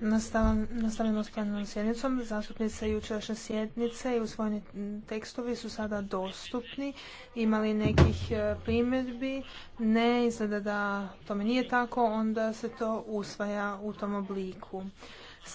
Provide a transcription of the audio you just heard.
Nastavljamo s plenarnom sjednicom. Zastupnice jučerašnje sjednice i usvojeni tekstovi su sada dostupni. Imali nekih e, primjedbi? Ne, izgleda da tome nije tako, onda se to usvaja u tom obliku.